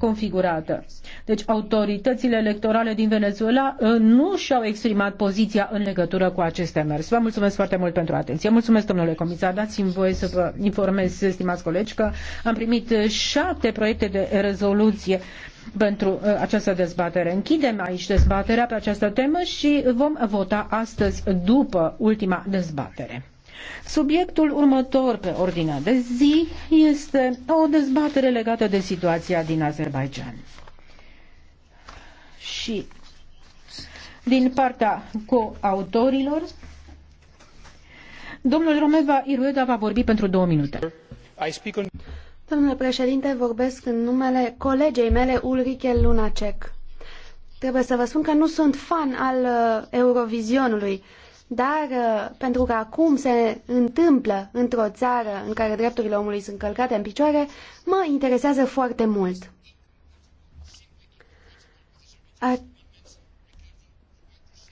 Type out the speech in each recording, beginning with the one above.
configurată. Deci autoritățile electorale din Venezuela uh, nu și-au exprimat poziția în legătură cu aceste mers. Vă mulțumesc foarte mult pentru atenție. Mulțumesc, domnule comisar. Dați-mi voie să vă informez, stimați colegi, că am primit uh, șapte proiecte de rezoluție pentru uh, această dezbatere. Închidem aici dezbaterea pe această temă și vom vota astăzi după ultima dezbatere. Subiectul următor pe ordinea de zi este o dezbatere legată de situația din Azerbaijan. Și din partea coautorilor, domnul Romeva Irueda va vorbi pentru două minute. Domnule președinte, vorbesc în numele colegei mele Ulrike Lunacek. Trebuie să vă spun că nu sunt fan al uh, Eurovizionului dar uh, pentru că acum se întâmplă într-o țară în care drepturile omului sunt călcate în picioare, mă interesează foarte mult.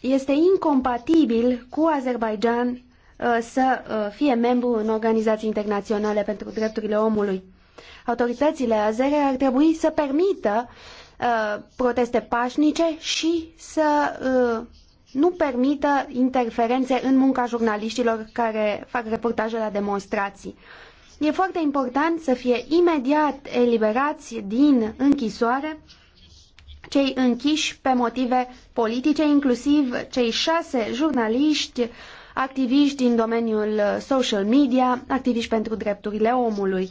Este incompatibil cu Azerbaijan uh, să uh, fie membru în organizații internaționale pentru drepturile omului. Autoritățile azere ar trebui să permită proteste pașnice și să nu permită interferențe în munca jurnaliștilor care fac reportaje la demonstrații. E foarte important să fie imediat eliberați din închisoare cei închiși pe motive politice, inclusiv cei șase jurnaliști, activiști din domeniul social media, activiști pentru drepturile omului.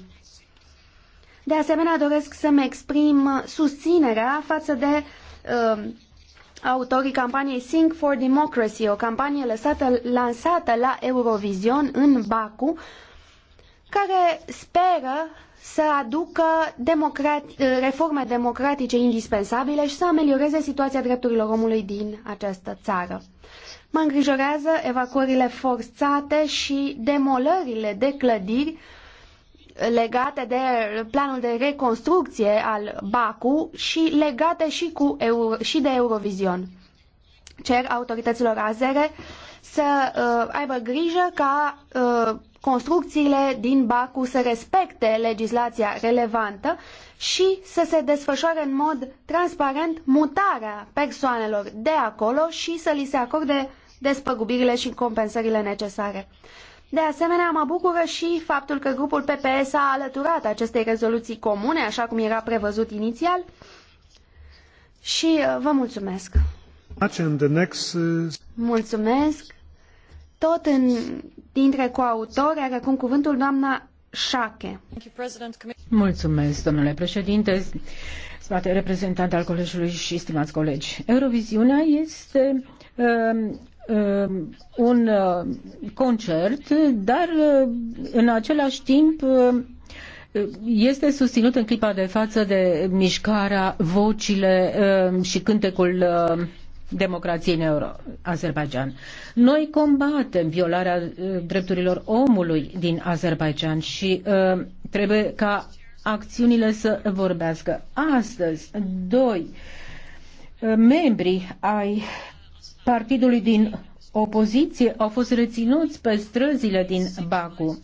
De asemenea, doresc să-mi exprim susținerea față de uh, autorii campaniei Think for Democracy, o campanie lăsată, lansată la Eurovision în Baku, care speră să aducă democrat, reforme democratice indispensabile și să amelioreze situația drepturilor omului din această țară. Mă îngrijorează evacuările forțate și demolările de clădiri legate de planul de reconstrucție al Baku și legate și, cu Euro, și de Eurovision. Cer autorităților azere să uh, aibă grijă ca uh, construcțiile din Baku să respecte legislația relevantă și să se desfășoare în mod transparent mutarea persoanelor de acolo și să li se acorde despăgubirile și compensările necesare. De asemenea, mă bucură și faptul că grupul PPE s-a alăturat acestei rezoluții comune, așa cum era prevăzut inițial. Și uh, vă mulțumesc. Uh, mulțumesc. Tot în, dintre coautori are acum cuvântul doamna Șache. Mulțumesc, domnule președinte, stimate reprezentant al colegiului și stimați colegi. Euroviziunea este uh, Uh, un uh, concert, dar uh, în același timp este susținut în clipa de față de mișcarea, vocile și cântecul democrației în Euro Azerbaijan. Noi combatem violarea drepturilor omului din Azerbaijan și trebuie ca acțiunile să vorbească. Astăzi, doi membri ai partidului din opoziție au fost reținuți pe străzile din Baku.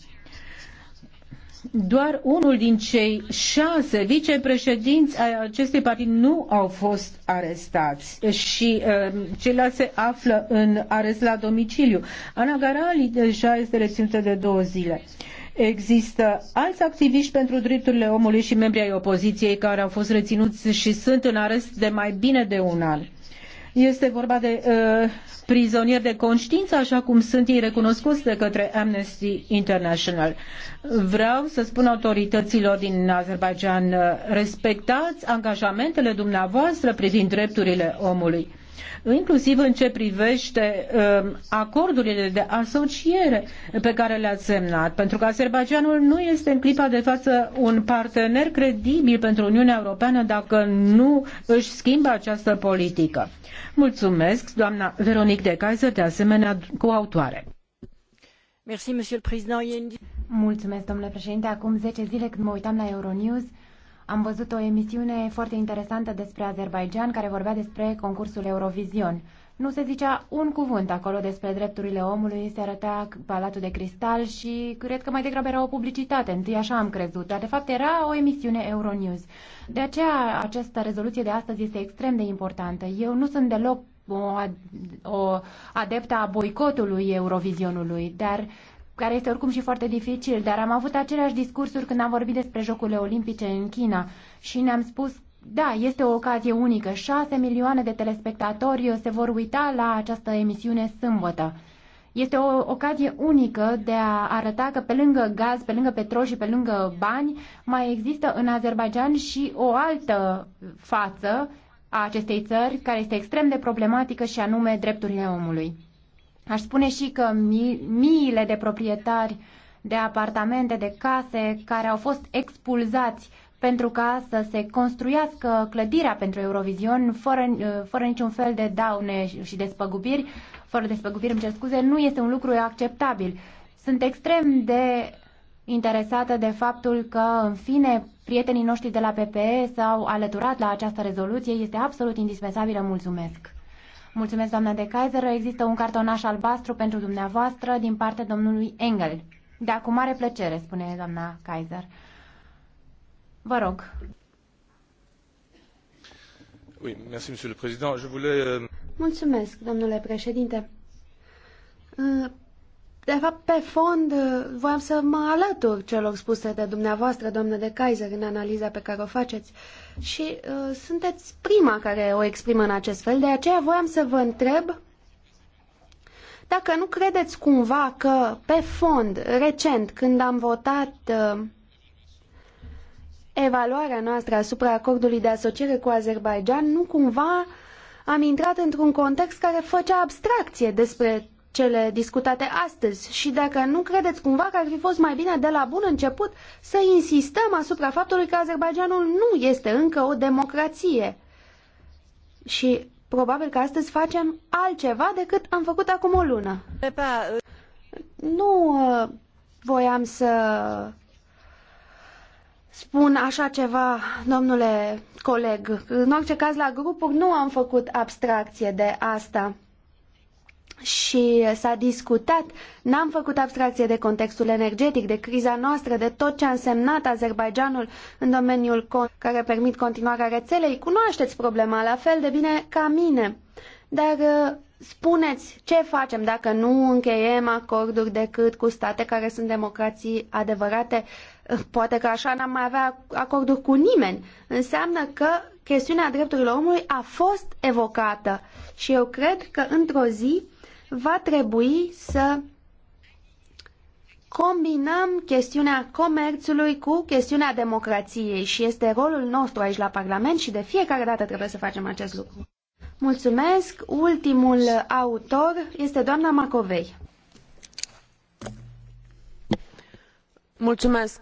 Doar unul din cei șase vicepreședinți ai acestui partid nu au fost arestați și uh, ceilalți se află în arest la domiciliu. Ana Garali deja este reținută de două zile. Există alți activiști pentru drepturile omului și membri ai opoziției care au fost reținuți și sunt în arest de mai bine de un an. Este vorba de uh, prizonieri de conștiință, așa cum sunt ei recunoscuți de către Amnesty International. Vreau să spun autorităților din Azerbaijan, uh, respectați angajamentele dumneavoastră privind drepturile omului inclusiv în ce privește um, acordurile de asociere pe care le-ați semnat, pentru că Azerbaijanul nu este în clipa de față un partener credibil pentru Uniunea Europeană dacă nu își schimbă această politică. Mulțumesc, doamna Veronic de Kaiser, de asemenea cu autoare. Mulțumesc, domnule președinte. Acum 10 zile când mă uitam la Euronews, am văzut o emisiune foarte interesantă despre Azerbaijan care vorbea despre concursul Eurovision. Nu se zicea un cuvânt acolo despre drepturile omului, se arăta palatul de cristal și cred că mai degrabă era o publicitate, întâi așa am crezut, dar de fapt era o emisiune Euronews. De aceea această rezoluție de astăzi este extrem de importantă. Eu nu sunt deloc o, o adeptă a boicotului Eurovizionului, dar care este oricum și foarte dificil, dar am avut aceleași discursuri când am vorbit despre Jocurile Olimpice în China și ne-am spus da, este o ocazie unică. 6 milioane de telespectatori se vor uita la această emisiune sâmbătă. Este o ocazie unică de a arăta că pe lângă gaz, pe lângă petrol și pe lângă bani, mai există în Azerbaijan și o altă față a acestei țări care este extrem de problematică și anume drepturile omului. Aș spune și că mi miile de proprietari de apartamente, de case care au fost expulzați pentru ca să se construiască clădirea pentru Eurovision fără, uh, fără niciun fel de daune și despăgubiri, fără despăgubiri, îmi cer scuze, nu este un lucru acceptabil. Sunt extrem de interesată de faptul că, în fine, prietenii noștri de la PPE s-au alăturat la această rezoluție. Este absolut indispensabilă. Mulțumesc! Mulțumesc, doamna de Kaiser. Există un cartonaș albastru pentru dumneavoastră din partea domnului Engel. Da, cu mare plăcere, spune doamna Kaiser. Vă rog. Oui, merci, monsieur le président. Je voulais... Euh, Mulțumesc, domnule președinte. Uh, de fapt, pe fond, uh, voiam să mă alătur celor spuse de dumneavoastră, doamnă de Kaiser, în analiza pe care o faceți. Și uh, sunteți prima care o exprimă în acest fel, de aceea voiam să vă întreb dacă nu credeți cumva că, pe fond, recent, când am votat uh, evaluarea noastră asupra acordului de asociere cu Azerbaijan, nu cumva am intrat într-un context care făcea abstracție despre cele discutate astăzi și dacă nu credeți cumva că ar fi fost mai bine de la bun început să insistăm asupra faptului că Azerbaijanul nu este încă o democrație. Și probabil că astăzi facem altceva decât am făcut acum o lună. Nu uh, voiam să spun așa ceva, domnule coleg. În orice caz, la grupuri nu am făcut abstracție de asta și s-a discutat, n-am făcut abstracție de contextul energetic, de criza noastră, de tot ce a însemnat Azerbaijanul în domeniul care permit continuarea rețelei. Cunoașteți problema la fel de bine ca mine. Dar uh, spuneți ce facem dacă nu încheiem acorduri decât cu state care sunt democrații adevărate. Uh, poate că așa n-am mai avea acorduri cu nimeni. Înseamnă că chestiunea drepturilor omului a fost evocată și eu cred că într-o zi va trebui să combinăm chestiunea comerțului cu chestiunea democrației și este rolul nostru aici la Parlament și de fiecare dată trebuie să facem acest lucru. Mulțumesc. Ultimul autor este doamna Macovei. Mulțumesc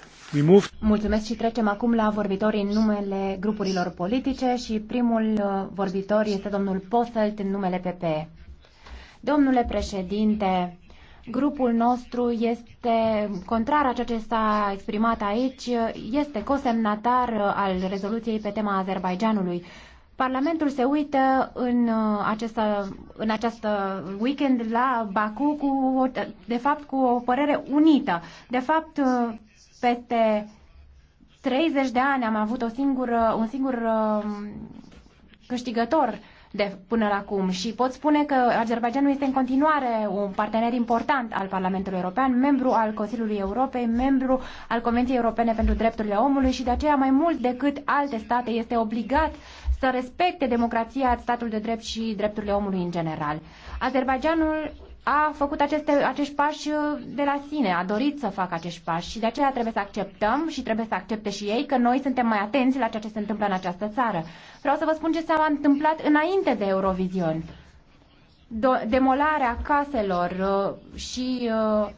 We Mulțumesc și trecem acum la vorbitorii în numele grupurilor politice și primul uh, vorbitor este domnul Posselt în numele PP. Domnule președinte, grupul nostru este, contrar a ceea ce s-a exprimat aici, este cosemnatar uh, al rezoluției pe tema Azerbaijanului. Parlamentul se uită în, uh, acesta, în această weekend la Baku cu, de fapt cu o părere unită. De fapt, peste 30 de ani am avut o singură, un singur um, câștigător de până la acum și pot spune că Azerbaijanul este în continuare un partener important al Parlamentului European, membru al Consiliului Europei, membru al Convenției Europene pentru Drepturile Omului și de aceea mai mult decât alte state este obligat să respecte democrația, statul de drept și drepturile omului în general. Azerbaijanul a făcut aceste, acești pași uh, de la sine, a dorit să facă acești pași și de aceea trebuie să acceptăm și trebuie să accepte și ei că noi suntem mai atenți la ceea ce se întâmplă în această țară. Vreau să vă spun ce s-a întâmplat înainte de Eurovision. Do- demolarea caselor uh, și uh,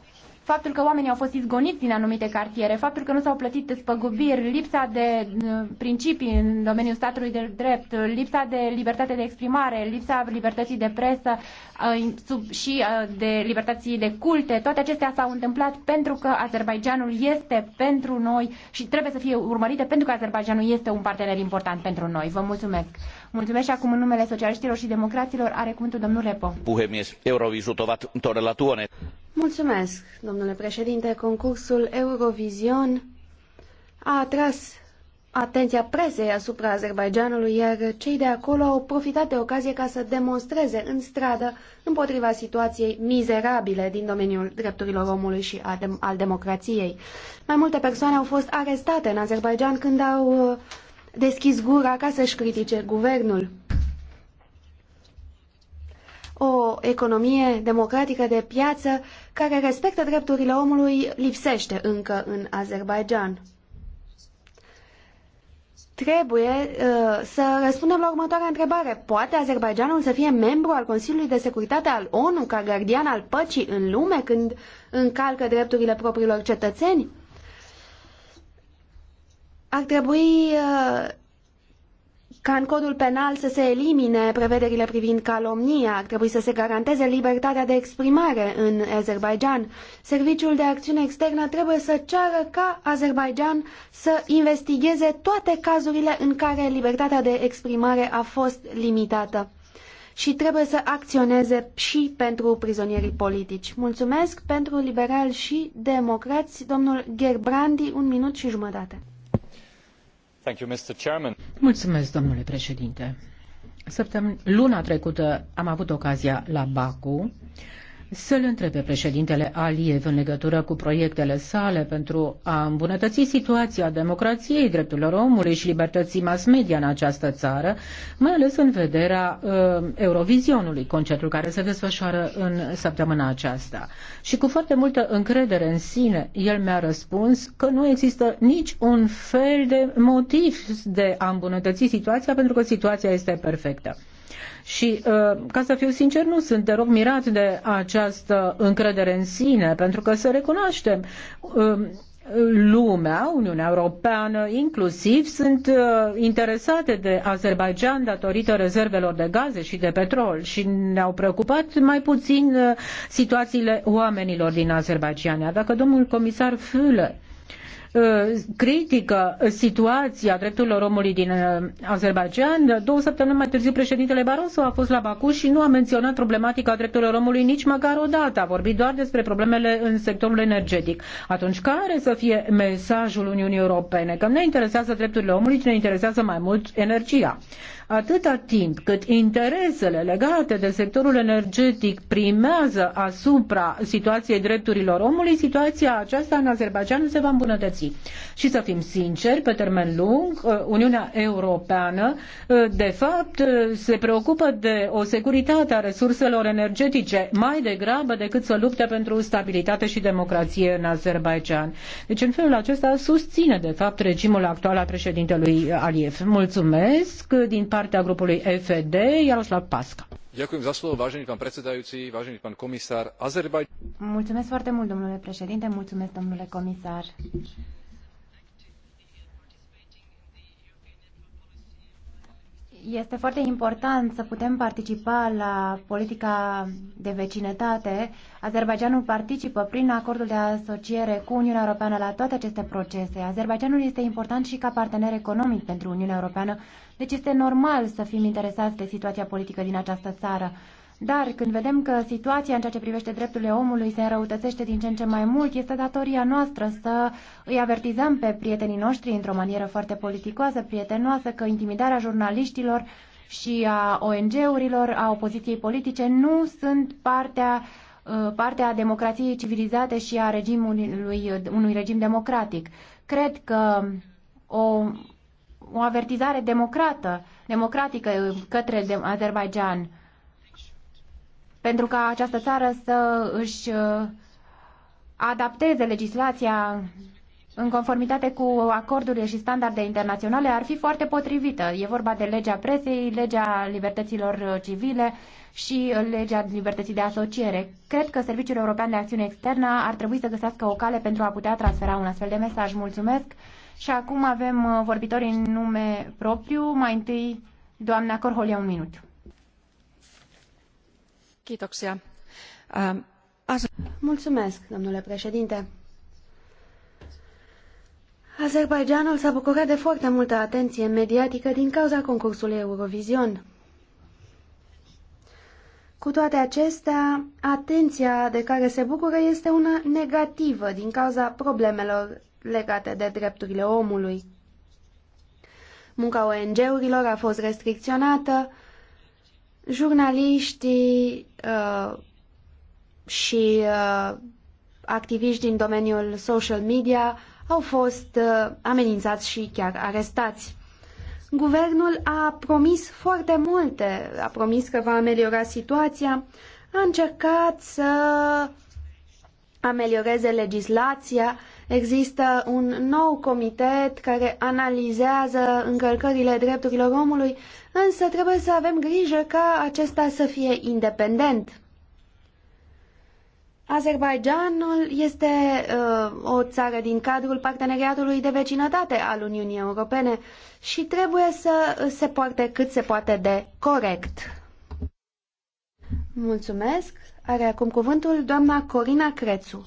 faptul că oamenii au fost izgoniți din anumite cartiere, faptul că nu s-au plătit spăgubiri, lipsa de uh, principii în domeniul statului de drept, lipsa de libertate de exprimare, lipsa libertății de presă uh, și uh, de libertății de culte, toate acestea s-au întâmplat pentru că Azerbaijanul este pentru noi și trebuie să fie urmărite pentru că Azerbaijanul este un partener important pentru noi. Vă mulțumesc! Mulțumesc și acum în numele socialiștilor și democraților are cuvântul domnul Repo. Puhemies, euroviisut ovat todella tuoneet Mulțumesc, domnule președinte. Concursul Eurovision a atras atenția presei asupra Azerbaijanului, iar cei de acolo au profitat de ocazie ca să demonstreze în stradă împotriva situației mizerabile din domeniul drepturilor omului și al democrației. Mai multe persoane au fost arestate în Azerbaijan când au uh, deschis gura ca să-și critique guvernul. O economie democratică de piață care respectă drepturile omului lipsește încă în Azerbaijan. Trebuie uh, să răspundem la următoarea întrebare. Poate Azerbaijanul să fie membru al Consiliului de Securitate al ONU ca gardian al păcii în lume când încalcă drepturile propriilor cetățeni? Ar trebui uh, ca în codul penal să se elimine prevederile privind calomnia, ar trebui să se garanteze libertatea de exprimare în Azerbaidjan. Serviciul de acțiune externă trebuie să ceară ca Azerbaidjan să investigheze toate cazurile în care libertatea de exprimare a fost limitată și trebuie să acționeze și pentru prizonierii politici. Mulțumesc pentru liberal și democrați, domnul Gerbrandi, un minut și jumătate. Mulțumesc, domnule președinte. Săptămâna, luna trecută am avut ocazia la Baku să-l întrebe președintele Aliev în legătură cu proiectele sale pentru a îmbunătăți situația democrației, drepturilor omului și libertății mass media în această țară, mai ales în vederea uh, Eurovizionului, concertul care se desfășoară în săptămâna aceasta. Și cu foarte multă încredere în sine, el mi-a răspuns că nu există nici un fel de motiv de a îmbunătăți situația pentru că situația este perfectă. Și, uh, ca să fiu sincer, nu sunt deloc mirat de această încredere în sine, pentru că să recunoaștem, uh, lumea, Uniunea Europeană inclusiv, sunt uh, interesate de Azerbaijan datorită rezervelor de gaze și de petrol și ne-au preocupat mai puțin situațiile oamenilor din Azerbaijan. Dacă domnul comisar Füle Uh, critică situația drepturilor omului din uh, Azerbaijan. Două săptămâni mai târziu președintele Barroso a fost la Baku și nu a menționat problematica drepturilor omului nici măcar o dată. A vorbit doar despre problemele în sectorul energetic. Atunci care să fie mesajul Uniunii Europene? Că ne interesează drepturile omului, ci ne interesează mai mult energia. Atâta timp cât interesele legate de sectorul energetic primează asupra situației drepturilor omului, situația aceasta în Azerbaijan nu se va îmbunătăți. Și să fim sinceri, pe termen lung, uh, Uniunea Europeană, uh, de fapt, uh, se preocupă de o securitate a resurselor energetice mai degrabă decât să lupte pentru stabilitate și democrație în Azerbaijan. Deci, în felul acesta, susține, de fapt, regimul actual al președintelui Aliev. Mulțumesc din partea grupului FD, Jaroslav Pasca. Mulțumesc foarte mult, domnule președinte, mulțumesc, domnule comisar. Este foarte important să putem participa la politica de vecinătate. Azerbaijanul participă prin acordul de asociere cu Uniunea Europeană la toate aceste procese. Azerbaijanul este important și ca partener economic pentru Uniunea Europeană deci este normal să fim interesați de situația politică din această țară. Dar când vedem că situația în ceea ce privește drepturile omului se înrăutățește din ce în ce mai mult, este datoria noastră să îi avertizăm pe prietenii noștri într-o manieră foarte politicoasă, prietenoasă, că intimidarea jurnaliștilor și a ONG-urilor, a opoziției politice, nu sunt partea uh, partea democrației civilizate și a regimului, unui regim democratic. Cred că o o avertizare democrată, democratică către Azerbaijan pentru ca această țară să își uh, adapteze legislația în conformitate cu acordurile și standarde internaționale ar fi foarte potrivită. E vorba de legea presei, legea libertăților uh, civile și uh, legea libertății de asociere. Cred că Serviciul European de Acțiune Externă ar trebui să găsească o cale pentru a putea transfera un astfel de mesaj. Mulțumesc! Și acum avem uh, vorbitori în nume propriu. Mai întâi, doamna Corholia, un minut. Kitoxia. Um, Mulțumesc, domnule președinte. Azerbaijanul s-a bucurat de foarte multă atenție mediatică din cauza concursului Eurovision. Cu toate acestea, atenția de care se bucură este una negativă din cauza problemelor legate de drepturile omului. Munca ONG-urilor a fost restricționată, jurnaliștii uh, și uh, activiști din domeniul social media au fost uh, amenințați și chiar arestați. Guvernul a promis foarte multe, a promis că va ameliora situația, a încercat să amelioreze legislația Există un nou comitet care analizează încălcările drepturilor omului, însă trebuie să avem grijă ca acesta să fie independent. Azerbaijanul este uh, o țară din cadrul parteneriatului de vecinătate al Uniunii Europene și trebuie să se poarte cât se poate de corect. Mulțumesc. Are acum cuvântul doamna Corina Crețu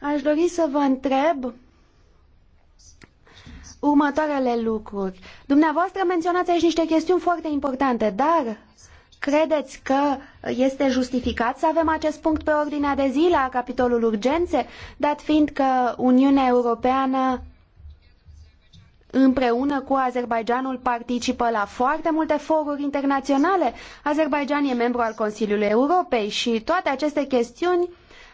Aș dori să vă întreb următoarele lucruri. Dumneavoastră menționați aici niște chestiuni foarte importante, dar credeți că este justificat să avem acest punct pe ordinea de zi la capitolul urgențe, dat fiind că Uniunea Europeană împreună cu Azerbaidjanul participă la foarte multe foruri internaționale. Azerbaidjan e membru al Consiliului Europei și toate aceste chestiuni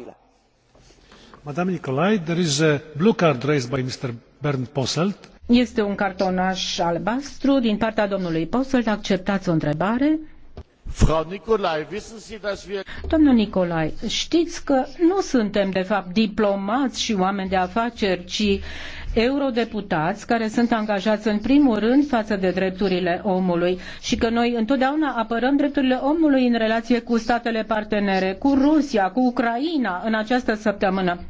durabilă. Este un cartonaș albastru din partea domnului Posselt. Acceptați o întrebare? Frau Nicolai, wissen Sie, dass wir... Domnul Nicolai, știți că nu suntem de fapt diplomați și oameni de afaceri, ci eurodeputați care sunt angajați în primul rând față de drepturile omului și că noi întotdeauna apărăm drepturile omului în relație cu statele partenere, cu Rusia, cu Ucraina în această săptămână.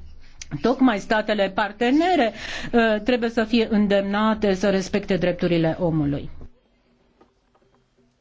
Tocmai statele partenere uh, trebuie să fie îndemnate să respecte drepturile omului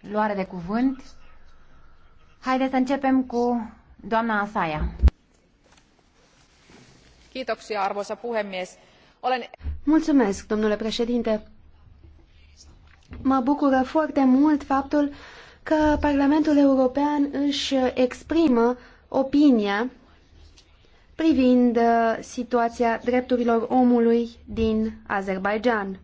luare de cuvânt. Haideți să începem cu doamna Asaia. Kiitoksia, arvoisa puhemies. Olen... Mulțumesc, domnule președinte. Mă bucură foarte mult faptul că Parlamentul European își exprimă opinia privind uh, situația drepturilor omului din Azerbaijan.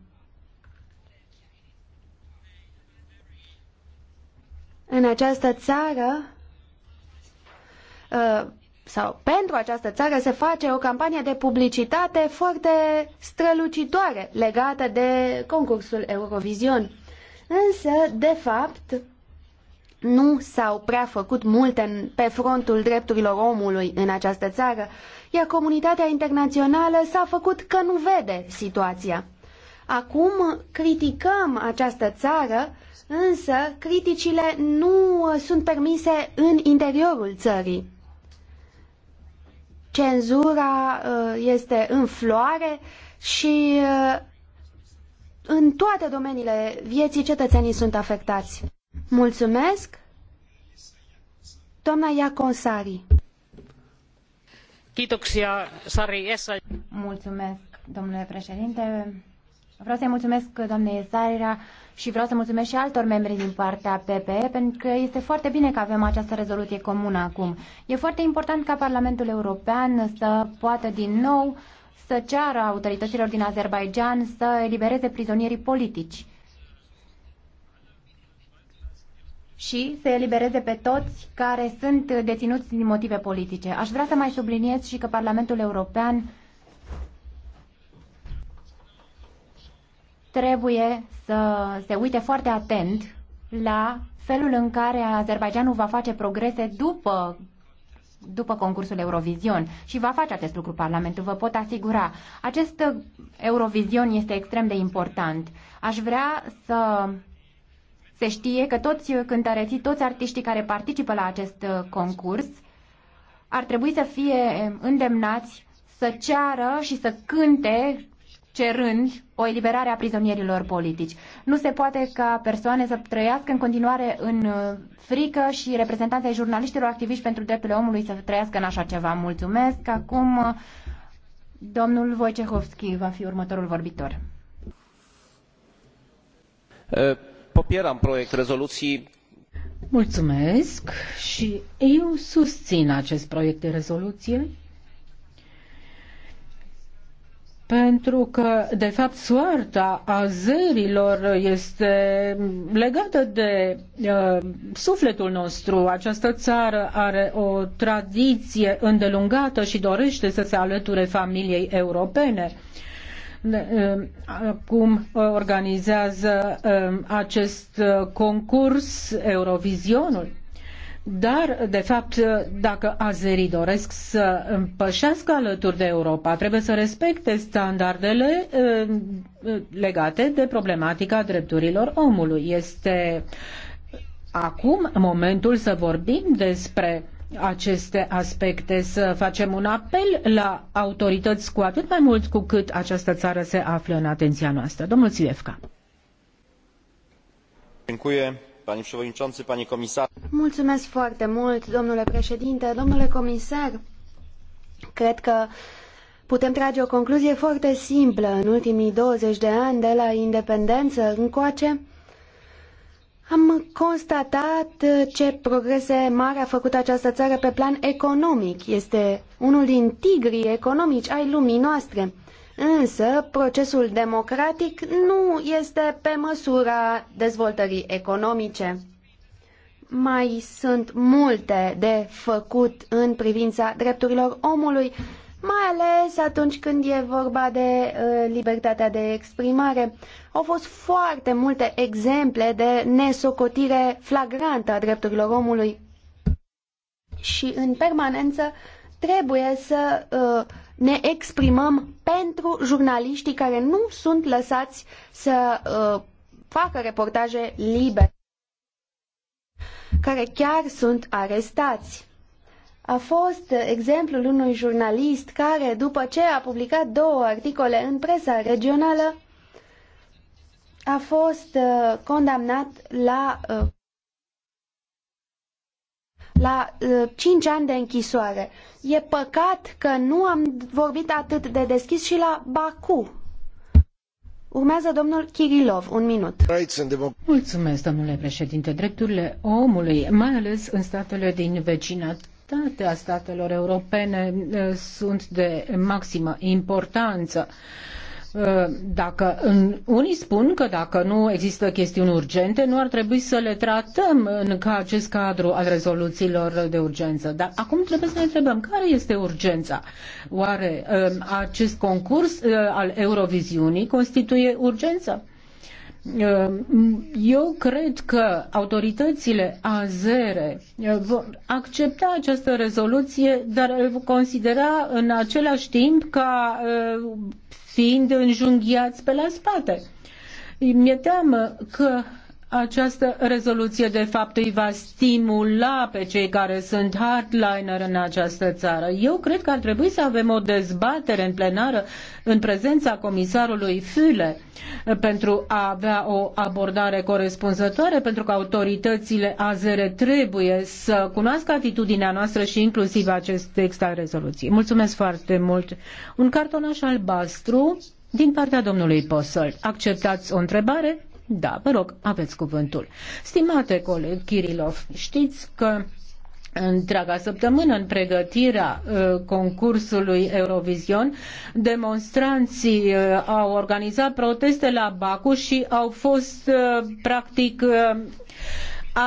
în această țară uh, sau pentru această țară se face o campanie de publicitate foarte strălucitoare legată de concursul Eurovision. Însă, de fapt, nu s-au prea făcut multe pe frontul drepturilor omului în această țară, iar comunitatea internațională s-a făcut că nu vede situația. Acum criticăm această țară însă criticile nu sunt permise în interiorul țării. Cenzura uh, este în floare și uh, în toate domeniile vieții cetățenii sunt afectați. Mulțumesc! Doamna Iaconsari. Mulțumesc, domnule președinte. Vreau să-i mulțumesc doamnei Zaira și vreau să mulțumesc și altor membri din partea PPE, pentru că este foarte bine că avem această rezoluție comună acum. E foarte important ca Parlamentul European să poată din nou să ceară autorităților din Azerbaijan să elibereze prizonierii politici și să elibereze pe toți care sunt deținuți din motive politice. Aș vrea să mai subliniez și că Parlamentul European trebuie să se uite foarte atent la felul în care Azerbaijanul va face progrese după după concursul Eurovision și va face acest lucru Parlamentul, vă pot asigura. Acest Eurovision este extrem de important. Aș vrea să se știe că toți cântăreții, toți artiștii care participă la acest concurs ar trebui să fie îndemnați să ceară și să cânte cerând o eliberare a prizonierilor politici. Nu se poate ca persoane să trăiască în continuare în uh, frică și reprezentanții jurnaliștilor activiști pentru drepturile omului să trăiască în așa ceva. Mulțumesc. Acum uh, domnul Wojciechowski va fi următorul vorbitor. Popieram proiect rezoluții. Mulțumesc și eu susțin acest proiect de rezoluție pentru că, de fapt, soarta zărilor este legată de uh, sufletul nostru. Această țară are o tradiție îndelungată și dorește să se alăture familiei europene. Uh, acum uh, organizează uh, acest uh, concurs Eurovizionul dar, de fapt, dacă azerii doresc să împășească alături de Europa, trebuie să respecte standardele eh, legate de problematica drepturilor omului. Este acum momentul să vorbim despre aceste aspecte, să facem un apel la autorități cu atât mai mult cu cât această țară se află în atenția noastră. Domnul Țilefca. Dziękuję comisar. Mulțumesc foarte mult, domnule președinte, domnule comisar. Cred că Putem trage o concluzie foarte simplă. În ultimii 20 de ani de la independență încoace, am constatat ce progrese mari a făcut această țară pe plan economic. Este unul din tigrii economici ai lumii noastre. Însă, procesul democratic nu este pe măsura dezvoltării economice. Mai sunt multe de făcut în privința drepturilor omului, mai ales atunci când e vorba de uh, libertatea de exprimare. Au fost foarte multe exemple de nesocotire flagrantă a drepturilor omului și în permanență trebuie să uh, ne exprimăm pentru jurnaliștii care nu sunt lăsați să uh, facă reportaje libere, care chiar sunt arestați. A fost exemplul unui jurnalist care, după ce a publicat două articole în presa regională, a fost uh, condamnat la uh, la uh, cinci ani de închisoare. E păcat că nu am vorbit atât de deschis și la Baku. Urmează domnul Kirilov, un minut. Mulțumesc, domnule președinte. Drepturile omului, mai ales în statele din vecinătatea a statelor europene uh, sunt de maximă importanță Uh, dacă unii spun că dacă nu există chestiuni urgente, nu ar trebui să le tratăm în acest cadru al rezoluțiilor de urgență. Dar acum trebuie să ne întrebăm care este urgența. Oare uh, acest concurs uh, al Euroviziunii constituie urgență? Eu cred că autoritățile azere vor accepta această rezoluție, dar considera în același timp ca fiind înjunghiați pe la spate. Mi-e teamă că această rezoluție de fapt îi va stimula pe cei care sunt hardliner în această țară. Eu cred că ar trebui să avem o dezbatere în plenară în prezența comisarului Füle pentru a avea o abordare corespunzătoare, pentru că autoritățile azere trebuie să cunoască atitudinea noastră și inclusiv acest text al rezoluției. Mulțumesc foarte mult. Un cartonaș albastru din partea domnului Posăl. Acceptați o întrebare? Da, vă rog, aveți cuvântul. Stimate coleg Kirilov, știți că întreaga săptămână în pregătirea uh, concursului Eurovision. Demonstranții uh, au organizat proteste la Baku și au fost uh, practic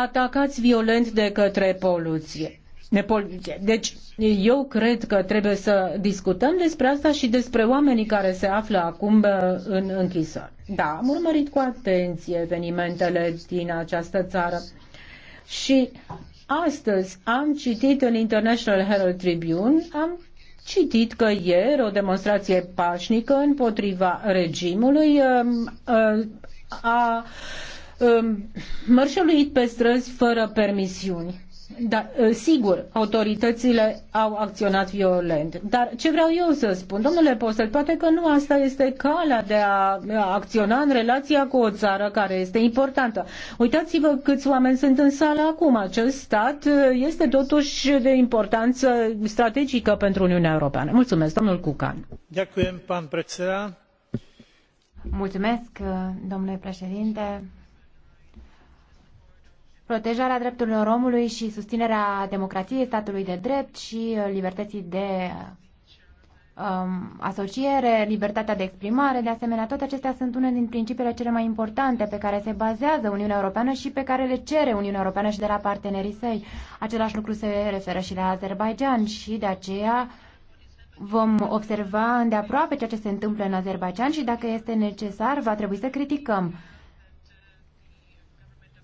atacați violent de către poluție nepolitice. Deci, eu cred că trebuie să discutăm despre asta și despre oamenii care se află acum în închisoare. Da, am urmărit cu atenție evenimentele din această țară și astăzi am citit în International Herald Tribune, am citit că ieri o demonstrație pașnică împotriva regimului um, uh, a um, mărșăluit pe străzi fără permisiuni. Da, ă, sigur, autoritățile au acționat violent. Dar ce vreau eu să spun, domnule Postel, poate că nu asta este calea de a acționa în relația cu o țară care este importantă. Uitați-vă câți oameni sunt în sală acum. Acest stat ă, este totuși de importanță strategică pentru Uniunea Europeană. Mulțumesc, domnul Cucan. Mulțumesc, domnule președinte protejarea drepturilor omului și susținerea democrației, statului de drept și uh, libertății de um, asociere, libertatea de exprimare, de asemenea, toate acestea sunt unele din principiile cele mai importante pe care se bazează Uniunea Europeană și pe care le cere Uniunea Europeană și de la partenerii săi. Același lucru se referă și la Azerbaijan și de aceea vom observa îndeaproape ceea ce se întâmplă în Azerbaijan și dacă este necesar, va trebui să criticăm.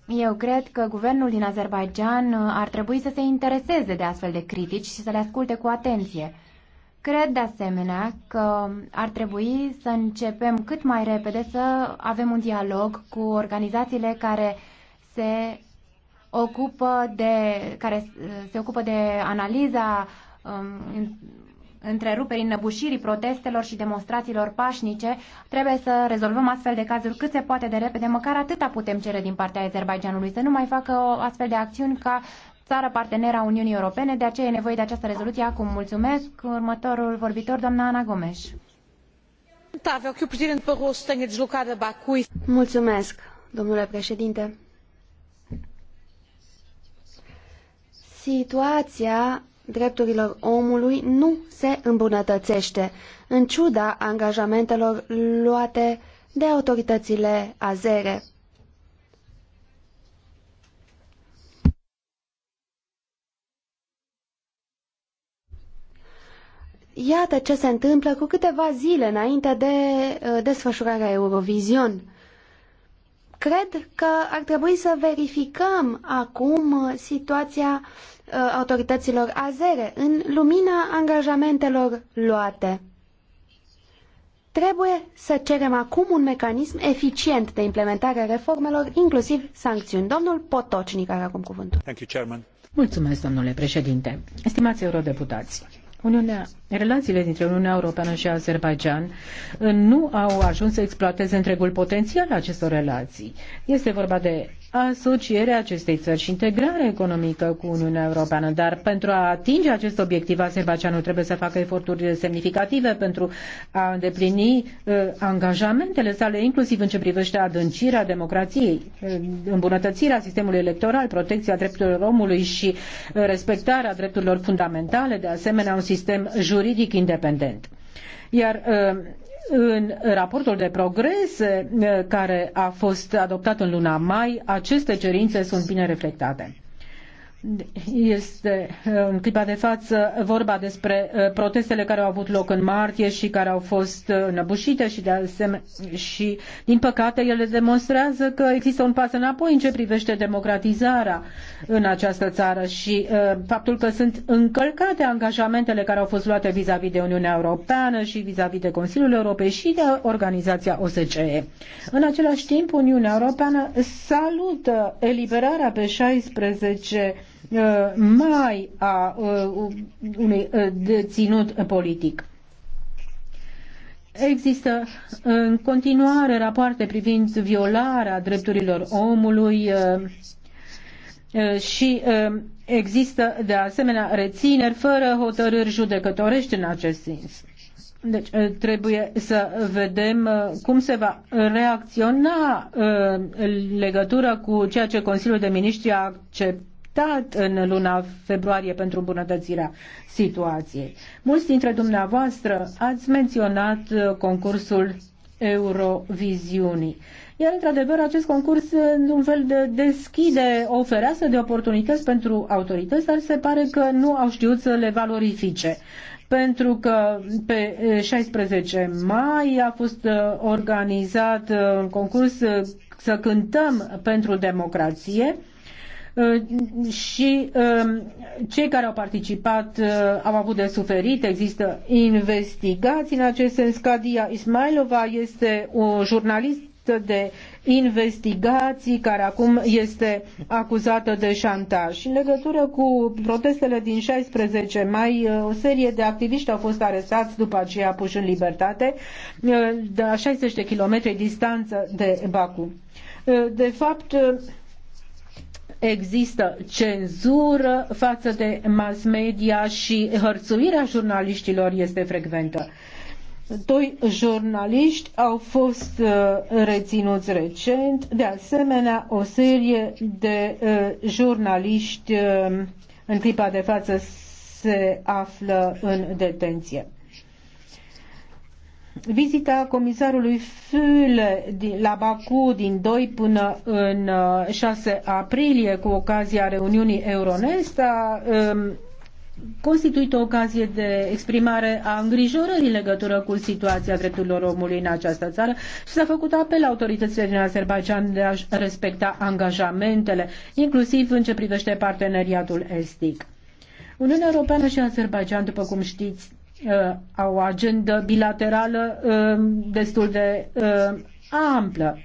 Eu cred că guvernul din Azerbaijan uh, ar trebui să se intereseze de astfel de critici și să le asculte cu atenție. Cred de asemenea că ar trebui să începem cât mai repede să avem un dialog cu organizațiile care se ocupă de, care uh, se ocupă de analiza um, întreruperii năbușirii protestelor și demonstrațiilor pașnice, trebuie să rezolvăm astfel de cazuri cât se poate de repede, măcar atâta putem cere din partea Azerbaijanului, să nu mai facă o astfel de acțiuni ca țară parteneră a Uniunii Europene, de aceea e nevoie de această rezoluție acum. Mulțumesc. Următorul vorbitor, doamna Ana Gomes. Mulțumesc, domnule președinte. Situația drepturilor omului nu se îmbunătățește, în ciuda angajamentelor luate de autoritățile azere. Iată ce se întâmplă cu câteva zile înainte de uh, desfășurarea Eurovision. Cred că ar trebui să verificăm acum uh, situația uh, Uh, autorităților azere în lumina angajamentelor luate. Trebuie să cerem acum un mecanism eficient de implementare a reformelor, inclusiv sancțiuni. Domnul Potocnic are acum cuvântul. Mulțumesc, domnule președinte. Estimați eurodeputați, Uniunea, relațiile dintre Uniunea Europeană și Azerbaijan nu au ajuns să exploateze întregul potențial acestor relații. Este vorba de asocierea acestei țări și integrarea economică cu Uniunea Europeană. Dar pentru a atinge acest obiectiv, Azerbaijanul trebuie să facă eforturi semnificative pentru a îndeplini uh, angajamentele sale, inclusiv în ce privește adâncirea democrației, uh, îmbunătățirea sistemului electoral, protecția drepturilor omului și uh, respectarea drepturilor fundamentale, de asemenea un sistem juridic independent. Iar uh, în raportul de progres eh, care a fost adoptat în luna mai, aceste cerințe sunt bine reflectate. Este uh, în clipa de față vorba despre uh, protestele care au avut loc în martie și care au fost uh, înăbușite și de asemenea și din păcate ele demonstrează că există un pas înapoi în ce privește democratizarea în această țară și faptul că sunt încălcate angajamentele care au fost luate vis-a-vis -vis de Uniunea Europeană și vis-a-vis -vis de Consiliul Europei și de organizația OSCE. În același timp, Uniunea Europeană salută eliberarea pe 16 Uh, mai a uh, unui uh, deținut politic. Există în continuare rapoarte privind violarea drepturilor omului și există de asemenea rețineri fără hotărâri judecătorești în acest sens. Deci trebuie să vedem cum se va reacționa legătura cu ceea ce Consiliul de Ministri a acceptat luptat în luna februarie pentru îmbunătățirea situației. Mulți dintre dumneavoastră ați menționat uh, concursul Euroviziunii. Iar, într-adevăr, acest concurs, uh, în un fel, de deschide o fereastră de oportunități pentru autorități, dar se pare că nu au știut să le valorifice. Pentru că pe 16 uh, mai a fost organizat un concurs să cântăm pentru democrație Uh, și um, cei care au participat uh, au avut de suferit. Există investigații în acest sens. Cadia Ismailova este o jurnalist de investigații care acum este acuzată de șantaj. în legătură cu protestele din 16 mai, uh, o serie de activiști au fost arestați, după aceea puși în libertate, de la 60 de kilometri distanță de Baku. De fapt, există cenzură față de mass media și hărțuirea jurnaliștilor este frecventă. Doi jurnaliști au fost uh, reținuți recent, de asemenea o serie de uh, jurnaliști uh, în clipa de față se află în detenție vizita comisarului Füle la Baku din 2 până în 6 uh, aprilie cu ocazia reuniunii Euronest a um, constituit o ocazie de exprimare a îngrijorării în legătură cu situația drepturilor omului în această țară și s-a făcut apel la autoritățile din Azerbaijan de a respecta angajamentele, inclusiv în ce privește parteneriatul estic. Uniunea Europeană și Azerbaijan, după cum știți, Uh, au o agendă bilaterală uh, destul de uh, amplă.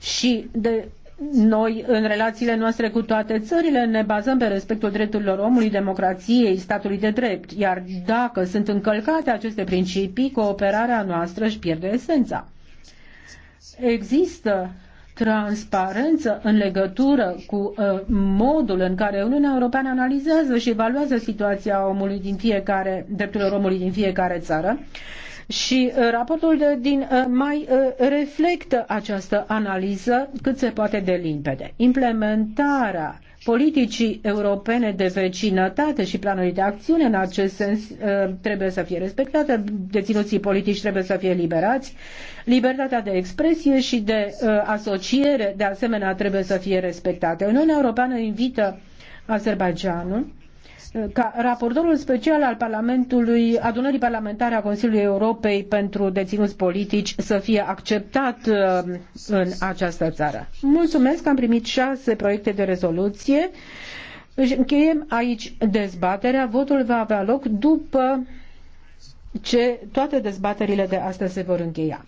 Și de noi, în relațiile noastre cu toate țările, ne bazăm pe respectul drepturilor omului, democrației, statului de drept, iar dacă sunt încălcate aceste principii, cooperarea noastră își pierde esența. Există transparență în legătură cu uh, modul în care Uniunea Europeană analizează și evaluează situația omului din fiecare, drepturilor omului din fiecare țară. Și uh, raportul de, din uh, mai uh, reflectă această analiză cât se poate de limpede. Implementarea politicii europene de vecinătate și planurile de acțiune în acest sens uh, trebuie să fie respectate, deținuții politici trebuie să fie liberați, libertatea de expresie și de uh, asociere de asemenea trebuie să fie respectate. Uniunea Europeană invită Azerbaijanul ca raportorul special al Parlamentului, adunării parlamentare a Consiliului Europei pentru deținuți politici să fie acceptat uh, în această țară. Mulțumesc, am primit șase proiecte de rezoluție. Își încheiem aici dezbaterea. Votul va avea loc după ce toate dezbaterile de astăzi se vor încheia.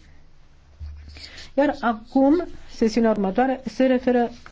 Iar acum, sesiunea următoare se referă